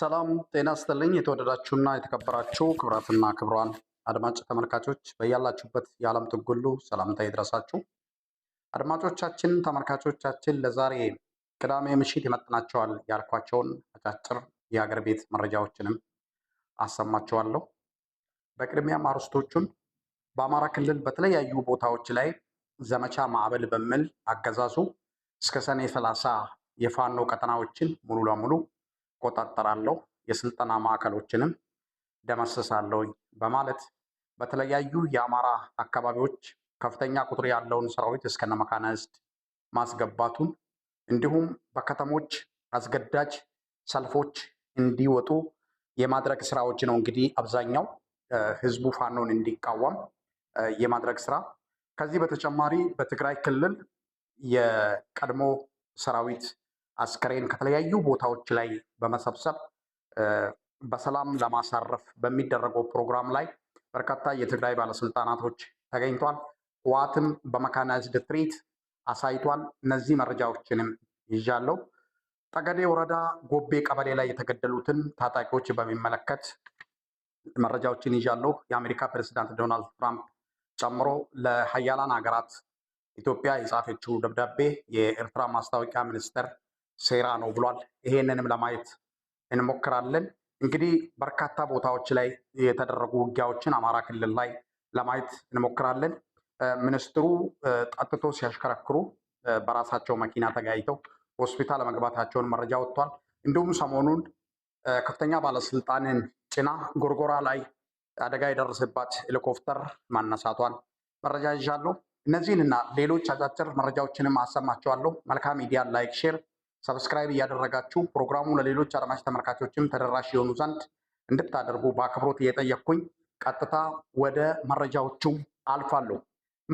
ሰላም ጤና ይስጥልኝ። የተወደዳችሁና የተከበራችሁ ክብራትና ክብሯን አድማጭ ተመልካቾች በያላችሁበት የዓለም ጥግ ሁሉ ሰላምታ ይድረሳችሁ። አድማጮቻችን፣ ተመልካቾቻችን ለዛሬ ቅዳሜ ምሽት ይመጥናቸዋል ያልኳቸውን አጫጭር የአገር ቤት መረጃዎችንም አሰማችኋለሁ። በቅድሚያም አርዕስቶቹን በአማራ ክልል በተለያዩ ቦታዎች ላይ ዘመቻ ማዕበል በሚል አገዛዙ እስከ ሰኔ ሰላሳ የፋኖ ቀጠናዎችን ሙሉ ለሙሉ እቆጣጠራለሁ፣ የስልጠና ማዕከሎችንም ደመስሳለሁኝ በማለት በተለያዩ የአማራ አካባቢዎች ከፍተኛ ቁጥር ያለውን ሰራዊት እስከነ መካናይዝድ ማስገባቱን እንዲሁም በከተሞች አስገዳጅ ሰልፎች እንዲወጡ የማድረግ ስራዎች ነው። እንግዲህ አብዛኛው ህዝቡ ፋኖን እንዲቃወም የማድረግ ስራ። ከዚህ በተጨማሪ በትግራይ ክልል የቀድሞ ሰራዊት አስከሬን ከተለያዩ ቦታዎች ላይ በመሰብሰብ በሰላም ለማሳረፍ በሚደረገው ፕሮግራም ላይ በርካታ የትግራይ ባለስልጣናቶች ተገኝቷል። ህወሓትም በመካናይዝድ ትርኢት አሳይቷል። እነዚህ መረጃዎችንም ይዣለሁ። ጠገዴ ወረዳ ጎቤ ቀበሌ ላይ የተገደሉትን ታጣቂዎች በሚመለከት መረጃዎችን ይዣለሁ። የአሜሪካ ፕሬዚዳንት ዶናልድ ትራምፕ ጨምሮ ለሀያላን ሀገራት ኢትዮጵያ የጻፈችው ደብዳቤ የኤርትራ ማስታወቂያ ሚኒስቴር ሴራ ነው ብሏል። ይሄንንም ለማየት እንሞክራለን። እንግዲህ በርካታ ቦታዎች ላይ የተደረጉ ውጊያዎችን አማራ ክልል ላይ ለማየት እንሞክራለን። ሚኒስትሩ ጠጥቶ ሲያሽከረክሩ በራሳቸው መኪና ተጋይተው ሆስፒታል መግባታቸውን መረጃ ወጥቷል። እንዲሁም ሰሞኑን ከፍተኛ ባለስልጣንን ጭና ጎርጎራ ላይ አደጋ የደረሰባት ሄሊኮፕተር ማነሳቷን መረጃ ይዣለሁ። እነዚህንና ሌሎች አጫጭር መረጃዎችንም አሰማቸዋለሁ። መልካም ሚዲያ ላይክ፣ ሼር ሰብስክራይብ እያደረጋችሁ ፕሮግራሙ ለሌሎች አድማጭ ተመልካቾችም ተደራሽ የሆኑ ዘንድ እንድታደርጉ በአክብሮት እየጠየቅኩኝ ቀጥታ ወደ መረጃዎቹ አልፋለሁ።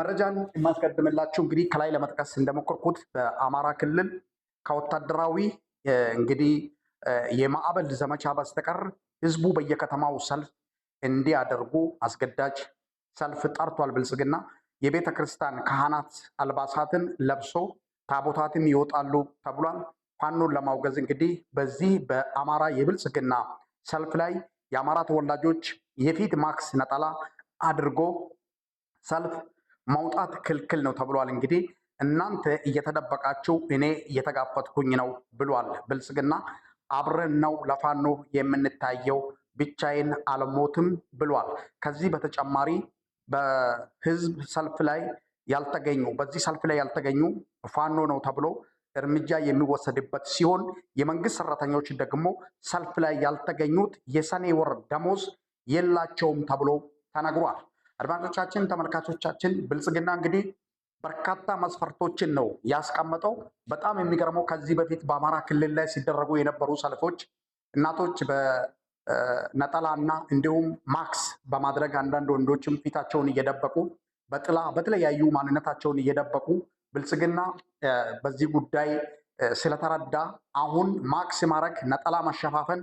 መረጃን የማስቀድምላችሁ እንግዲህ ከላይ ለመጥቀስ እንደሞከርኩት በአማራ ክልል ከወታደራዊ እንግዲህ የማዕበል ዘመቻ በስተቀር ህዝቡ በየከተማው ሰልፍ እንዲያደርጉ አስገዳጅ ሰልፍ ጠርቷል። ብልጽግና የቤተ ክርስቲያን ካህናት አልባሳትን ለብሶ ታቦታትም ይወጣሉ ተብሏል። ፋኖን ለማውገዝ እንግዲህ በዚህ በአማራ የብልጽግና ሰልፍ ላይ የአማራ ተወላጆች የፊት ማክስ ነጠላ አድርጎ ሰልፍ መውጣት ክልክል ነው ተብሏል። እንግዲህ እናንተ እየተደበቃችሁ እኔ እየተጋፈጥኩኝ ነው ብሏል ብልጽግና። አብረን ነው ለፋኖ የምንታየው፣ ብቻዬን አልሞትም ብሏል። ከዚህ በተጨማሪ በህዝብ ሰልፍ ላይ ያልተገኙ በዚህ ሰልፍ ላይ ያልተገኙ ፋኖ ነው ተብሎ እርምጃ የሚወሰድበት ሲሆን የመንግስት ሰራተኞች ደግሞ ሰልፍ ላይ ያልተገኙት የሰኔ ወር ደሞዝ የላቸውም ተብሎ ተነግሯል። አድማጮቻችን፣ ተመልካቾቻችን ብልጽግና እንግዲህ በርካታ መስፈርቶችን ነው ያስቀመጠው። በጣም የሚገርመው ከዚህ በፊት በአማራ ክልል ላይ ሲደረጉ የነበሩ ሰልፎች እናቶች በነጠላ እና እንዲሁም ማክስ በማድረግ አንዳንድ ወንዶችም ፊታቸውን እየደበቁ በጥላ በተለያዩ ማንነታቸውን እየደበቁ ብልጽግና በዚህ ጉዳይ ስለተረዳ አሁን ማክስ ማረግ ነጠላ መሸፋፈን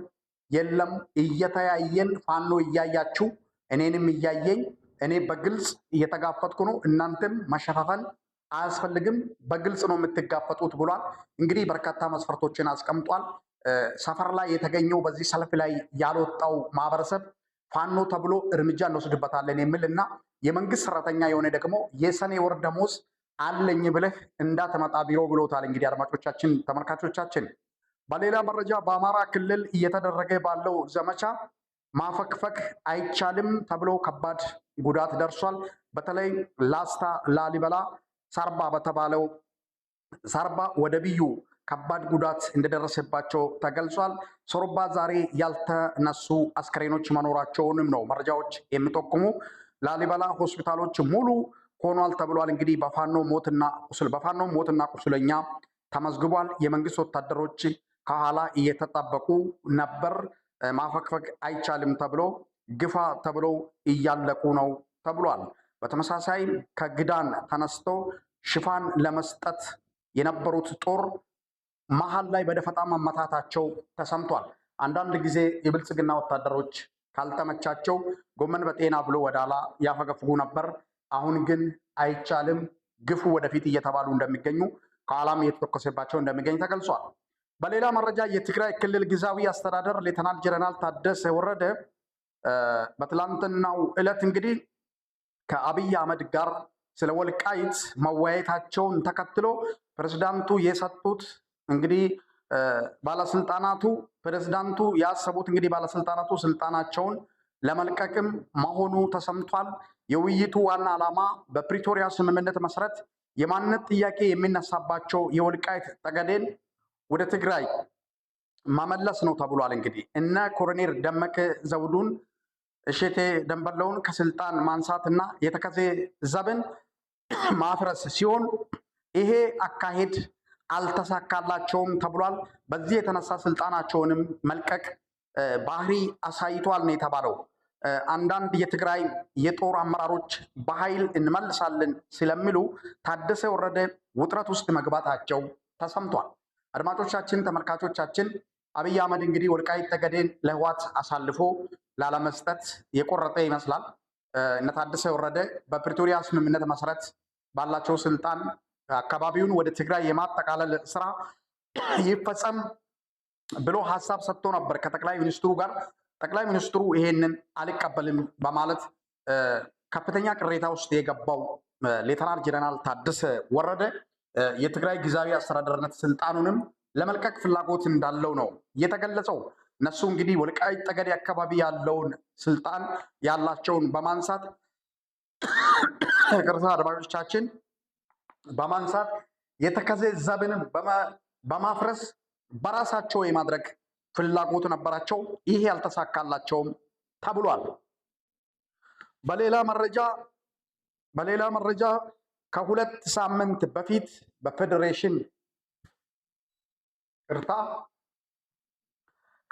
የለም። እየተያየን ፋኖ እያያችሁ እኔንም እያየኝ እኔ በግልጽ እየተጋፈጥኩ ነው። እናንተም መሸፋፈን አያስፈልግም፣ በግልጽ ነው የምትጋፈጡት ብሏል። እንግዲህ በርካታ መስፈርቶችን አስቀምጧል። ሰፈር ላይ የተገኘው በዚህ ሰልፍ ላይ ያልወጣው ማህበረሰብ ፋኖ ተብሎ እርምጃ እንወስድበታለን የሚል እና የመንግስት ሰራተኛ የሆነ ደግሞ የሰኔ ወር ደሞዝ አለኝ ብለህ እንዳትመጣ ቢሮ ብሎታል። እንግዲህ አድማጮቻችን፣ ተመልካቾቻችን በሌላ መረጃ በአማራ ክልል እየተደረገ ባለው ዘመቻ ማፈክፈክ አይቻልም ተብሎ ከባድ ጉዳት ደርሷል። በተለይ ላስታ ላሊበላ ሳርባ በተባለው ሳርባ ወደ ብዩ ከባድ ጉዳት እንደደረሰባቸው ተገልጿል። ሶርባ ዛሬ ያልተነሱ አስከሬኖች መኖራቸውንም ነው መረጃዎች የሚጠቁሙ። ላሊበላ ሆስፒታሎች ሙሉ ሆኗል ተብሏል። እንግዲህ በፋኖ ሞትና ቁስል በፋኖ ሞትና ቁስለኛ ተመዝግቧል። የመንግስት ወታደሮች ከኋላ እየተጠበቁ ነበር። ማፈግፈግ አይቻልም ተብሎ ግፋ ተብሎ እያለቁ ነው ተብሏል። በተመሳሳይ ከግዳን ተነስቶ ሽፋን ለመስጠት የነበሩት ጦር መሀል ላይ በደፈጣ መመታታቸው ተሰምቷል። አንዳንድ ጊዜ የብልጽግና ወታደሮች ካልተመቻቸው ጎመን በጤና ብሎ ወዳላ ያፈገፍጉ ነበር። አሁን ግን አይቻልም፣ ግፉ ወደፊት እየተባሉ እንደሚገኙ ከኋላም እየተተኮሰባቸው እንደሚገኝ ተገልጿል። በሌላ መረጃ የትግራይ ክልል ጊዜያዊ አስተዳደር ሌተናል ጀነራል ታደሰ ወረደ በትላንትናው ዕለት እንግዲህ ከአብይ አህመድ ጋር ስለ ወልቃይት መወያየታቸውን ተከትሎ ፕሬዝዳንቱ የሰጡት እንግዲህ ባለስልጣናቱ ፕሬዝዳንቱ ያሰቡት እንግዲህ ባለስልጣናቱ ስልጣናቸውን ለመልቀቅም መሆኑ ተሰምቷል። የውይይቱ ዋና ዓላማ በፕሪቶሪያ ስምምነት መሰረት የማንነት ጥያቄ የሚነሳባቸው የወልቃይት ጠገዴን ወደ ትግራይ ማመለስ ነው ተብሏል። እንግዲህ እነ ኮሎኔል ደመቀ ዘውዱን እሼቴ ደንበለውን ከስልጣን ማንሳትና የተከዜ ዘብን ማፍረስ ሲሆን ይሄ አካሄድ አልተሳካላቸውም ተብሏል። በዚህ የተነሳ ስልጣናቸውንም መልቀቅ ባህሪ አሳይቷል ነው የተባለው። አንዳንድ የትግራይ የጦር አመራሮች በኃይል እንመልሳለን ስለሚሉ ታደሰ ወረደ ውጥረት ውስጥ መግባታቸው ተሰምቷል። አድማጮቻችን፣ ተመልካቾቻችን አብይ አህመድ እንግዲህ ወልቃይት ጠገዴን ለህዋት አሳልፎ ላለመስጠት የቆረጠ ይመስላል። እነ ታደሰ ወረደ በፕሪቶሪያ ስምምነት መሰረት ባላቸው ስልጣን አካባቢውን ወደ ትግራይ የማጠቃለል ስራ ይፈጸም ብሎ ሀሳብ ሰጥቶ ነበር ከጠቅላይ ሚኒስትሩ ጋር ጠቅላይ ሚኒስትሩ ይሄንን አልቀበልም በማለት ከፍተኛ ቅሬታ ውስጥ የገባው ሌተናል ጀነራል ታደሰ ወረደ የትግራይ ጊዜያዊ አስተዳደርነት ስልጣኑንም ለመልቀቅ ፍላጎት እንዳለው ነው የተገለጸው። እነሱ እንግዲህ ወልቃይት ጠገዴ አካባቢ ያለውን ስልጣን ያላቸውን በማንሳት ቅርታ አድማጮቻችን በማንሳት የተከዜ ዘብንም በማፍረስ በራሳቸው የማድረግ ፍላጎት ነበራቸው። ይሄ አልተሳካላቸውም ተብሏል። በሌላ መረጃ በሌላ መረጃ ከሁለት ሳምንት በፊት በፌዴሬሽን ቅርታ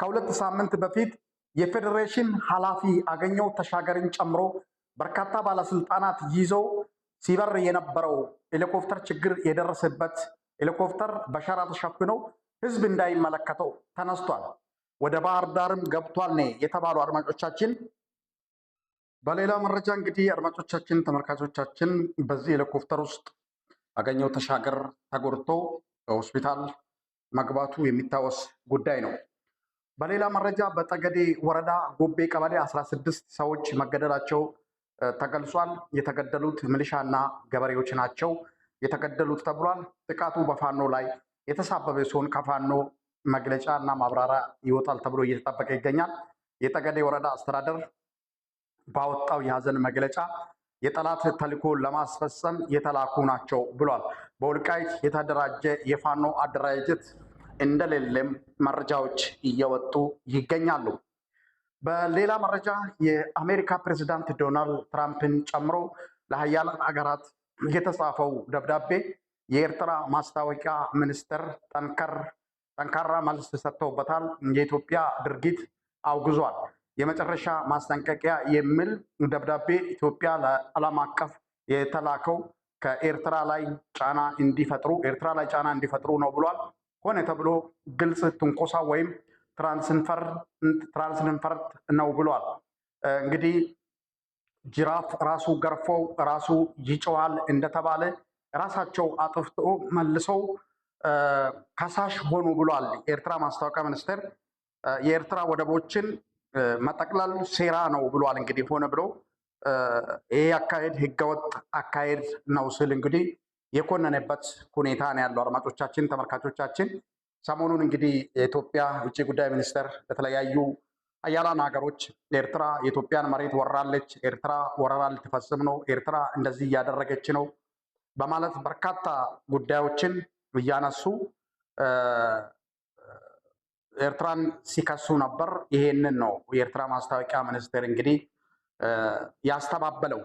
ከሁለት ሳምንት በፊት የፌዴሬሽን ኃላፊ አገኘው ተሻገርን ጨምሮ በርካታ ባለስልጣናት ይዘው ሲበር የነበረው ሄሊኮፕተር ችግር የደረሰበት ሄሊኮፕተር በሸራ ተሸፍነው ህዝብ እንዳይመለከተው ተነስቷል። ወደ ባህር ዳርም ገብቷል ነ የተባሉ አድማጮቻችን፣ በሌላ መረጃ እንግዲህ አድማጮቻችን፣ ተመልካቾቻችን በዚህ ሄሊኮፕተር ውስጥ አገኘው ተሻገር ተጎድቶ ሆስፒታል መግባቱ የሚታወስ ጉዳይ ነው። በሌላ መረጃ በጠገዴ ወረዳ ጎቤ ቀበሌ 16 ሰዎች መገደላቸው ተገልጿል። የተገደሉት ሚሊሻና ገበሬዎች ናቸው የተገደሉት ተብሏል። ጥቃቱ በፋኖ ላይ የተሳበበ ሲሆን ከፋኖ መግለጫ እና ማብራሪያ ይወጣል ተብሎ እየተጠበቀ ይገኛል። የጠገዴ ወረዳ አስተዳደር ባወጣው የሀዘን መግለጫ የጠላት ተልዕኮ ለማስፈጸም የተላኩ ናቸው ብሏል። በወልቃይት የተደራጀ የፋኖ አደራጀት እንደሌለም መረጃዎች እየወጡ ይገኛሉ። በሌላ መረጃ የአሜሪካ ፕሬዚዳንት ዶናልድ ትራምፕን ጨምሮ ለሀያላን አገራት የተጻፈው ደብዳቤ የኤርትራ ማስታወቂያ ሚኒስትር ጠንከር ጠንካራ መልስ ሰጥተውበታል። የኢትዮጵያ ድርጊት አውግዟል። የመጨረሻ ማስጠንቀቂያ የሚል ደብዳቤ ኢትዮጵያ ለዓለም አቀፍ የተላከው ከኤርትራ ላይ ጫና እንዲፈጥሩ ኤርትራ ላይ ጫና እንዲፈጥሩ ነው ብሏል። ሆነ ተብሎ ግልጽ ትንኮሳ ወይም ትራንስንፈርት ነው ብሏል። እንግዲህ ጅራፍ ራሱ ገርፎው ራሱ ይጨዋል እንደተባለ ራሳቸው አጥፍቶ መልሰው ከሳሽ ሆኑ ብሏል። የኤርትራ ማስታወቂያ ሚኒስቴር የኤርትራ ወደቦችን መጠቅለል ሴራ ነው ብሏል። እንግዲህ ሆነ ብሎ ይሄ አካሄድ ህገወጥ አካሄድ ነው ስል እንግዲህ የኮነነበት ሁኔታ ነው ያለው። አድማጮቻችን፣ ተመልካቾቻችን ሰሞኑን እንግዲህ የኢትዮጵያ ውጭ ጉዳይ ሚኒስቴር በተለያዩ አያላን ሀገሮች ኤርትራ የኢትዮጵያን መሬት ወራለች፣ ኤርትራ ወረራ ልትፈጽም ነው፣ ኤርትራ እንደዚህ እያደረገች ነው በማለት በርካታ ጉዳዮችን እያነሱ ኤርትራን ሲከሱ ነበር። ይሄንን ነው የኤርትራ ማስታወቂያ ሚኒስቴር እንግዲህ ያስተባበለው።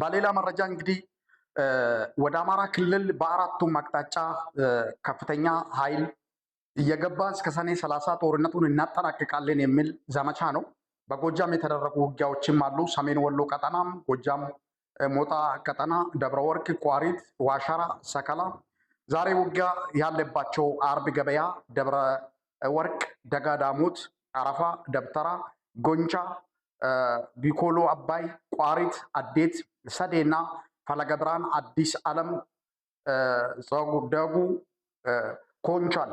በሌላ መረጃ እንግዲህ ወደ አማራ ክልል በአራቱም አቅጣጫ ከፍተኛ ኃይል እየገባ እስከ ሰኔ ሰላሳ ጦርነቱን እናጠናቅቃለን የሚል ዘመቻ ነው። በጎጃም የተደረጉ ውጊያዎችም አሉ። ሰሜን ወሎ ቀጠናም ጎጃም ሞጣ ቀጠና፣ ደብረ ወርቅ፣ ቋሪት፣ ዋሻራ፣ ሰከላ ዛሬ ውጊያ ያለባቸው አርብ ገበያ፣ ደብረ ወርቅ፣ ደጋዳሞት፣ አረፋ፣ ደብተራ፣ ጎንቻ፣ ቢኮሎ አባይ፣ ቋሪት፣ አዴት፣ ሰዴና፣ ፈለገብራን፣ አዲስ ዓለም፣ ደጉ፣ ኮንቻል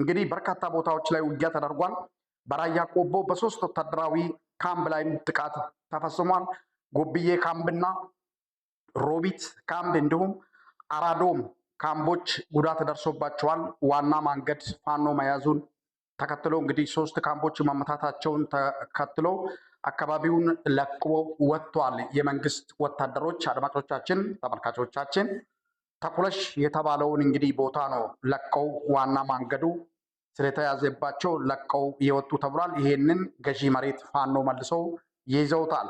እንግዲህ በርካታ ቦታዎች ላይ ውጊያ ተደርጓል። በራያ ቆቦ በሶስት ወታደራዊ ካምፕ ላይም ጥቃት ተፈጽሟል። ጎብዬ ካምፕና ሮቢት ካምፕ እንዲሁም አራዶም ካምቦች ጉዳት ደርሶባቸዋል። ዋና ማንገድ ፋኖ መያዙን ተከትሎ እንግዲህ ሶስት ካምቦች መመታታቸውን ተከትሎ አካባቢውን ለቅቆ ወጥቷል የመንግስት ወታደሮች። አድማጮቻችን፣ ተመልካቾቻችን ተኩለሽ የተባለውን እንግዲህ ቦታ ነው ለቀው ዋና ማንገዱ ስለተያዘባቸው ለቀው የወጡ ተብሏል። ይሄንን ገዢ መሬት ፋኖ መልሰው ይዘውታል።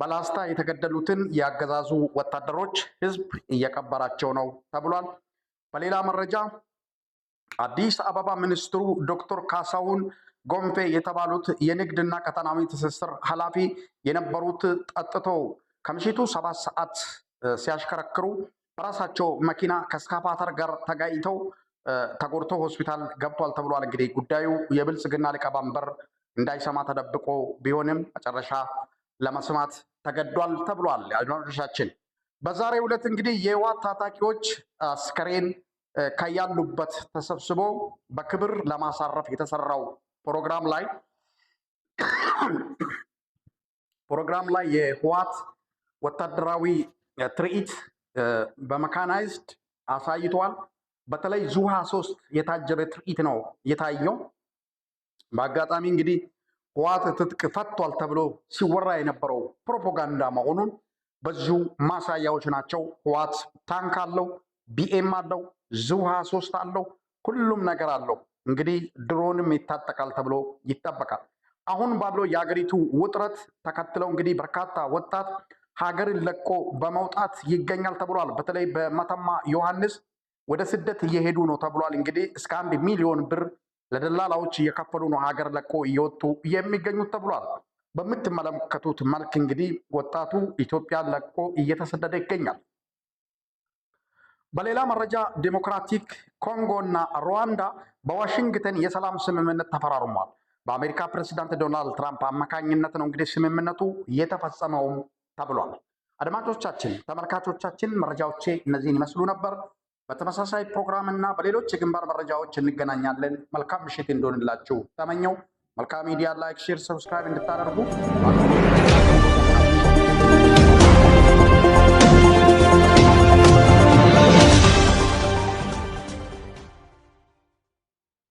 በላስታ የተገደሉትን የአገዛዙ ወታደሮች ህዝብ እየቀበራቸው ነው ተብሏል። በሌላ መረጃ አዲስ አበባ ሚኒስትሩ ዶክተር ካሳሁን ጎንፌ የተባሉት የንግድና ቀጠናዊ ትስስር ኃላፊ የነበሩት ጠጥተው ከምሽቱ ሰባት ሰዓት ሲያሽከረክሩ በራሳቸው መኪና ከስካፓተር ጋር ተጋይተው ተጎድቶ ሆስፒታል ገብቷል ተብሏል። እንግዲህ ጉዳዩ የብልጽግና ሊቀመንበር እንዳይሰማ ተደብቆ ቢሆንም መጨረሻ ለመስማት ተገዷል ተብሏል። አድማጮቻችን በዛሬ ዕለት እንግዲህ የህወሓት ታጣቂዎች አስከሬን ከያሉበት ተሰብስቦ በክብር ለማሳረፍ የተሰራው ፕሮግራም ላይ ፕሮግራም ላይ የህወሓት ወታደራዊ ትርኢት በመካናይዝድ አሳይቷል። በተለይ ዙሃ ሶስት የታጀበ ትርኢት ነው የታየው። በአጋጣሚ እንግዲህ ህወሓት ትጥቅ ፈቷል ተብሎ ሲወራ የነበረው ፕሮፓጋንዳ መሆኑን በዚሁ ማሳያዎች ናቸው። ህወሓት ታንክ አለው፣ ቢኤም አለው፣ ዙ ሃያ ሶስት አለው፣ ሁሉም ነገር አለው። እንግዲህ ድሮንም ይታጠቃል ተብሎ ይጠበቃል። አሁን ባለው የአገሪቱ ውጥረት ተከትለው እንግዲህ በርካታ ወጣት ሀገርን ለቆ በመውጣት ይገኛል ተብሏል። በተለይ በመተማ ዮሐንስ ወደ ስደት እየሄዱ ነው ተብሏል። እንግዲህ እስከ አንድ ሚሊዮን ብር ለደላላዎች እየከፈሉ ነው ሀገር ለቆ እየወጡ የሚገኙት ተብሏል። በምትመለከቱት መልክ እንግዲህ ወጣቱ ኢትዮጵያን ለቆ እየተሰደደ ይገኛል። በሌላ መረጃ ዴሞክራቲክ ኮንጎ እና ሩዋንዳ በዋሽንግተን የሰላም ስምምነት ተፈራርሟል። በአሜሪካ ፕሬዚዳንት ዶናልድ ትራምፕ አማካኝነት ነው እንግዲህ ስምምነቱ የተፈጸመውም ተብሏል። አድማጮቻችን፣ ተመልካቾቻችን መረጃዎቼ እነዚህን ይመስሉ ነበር። በተመሳሳይ ፕሮግራም እና በሌሎች የግንባር መረጃዎች እንገናኛለን። መልካም ምሽት እንደሆንላችሁ ተመኘው። መልካም ሚዲያ ላይክ፣ ሼር፣ ሰብስክራይብ እንድታደርጉ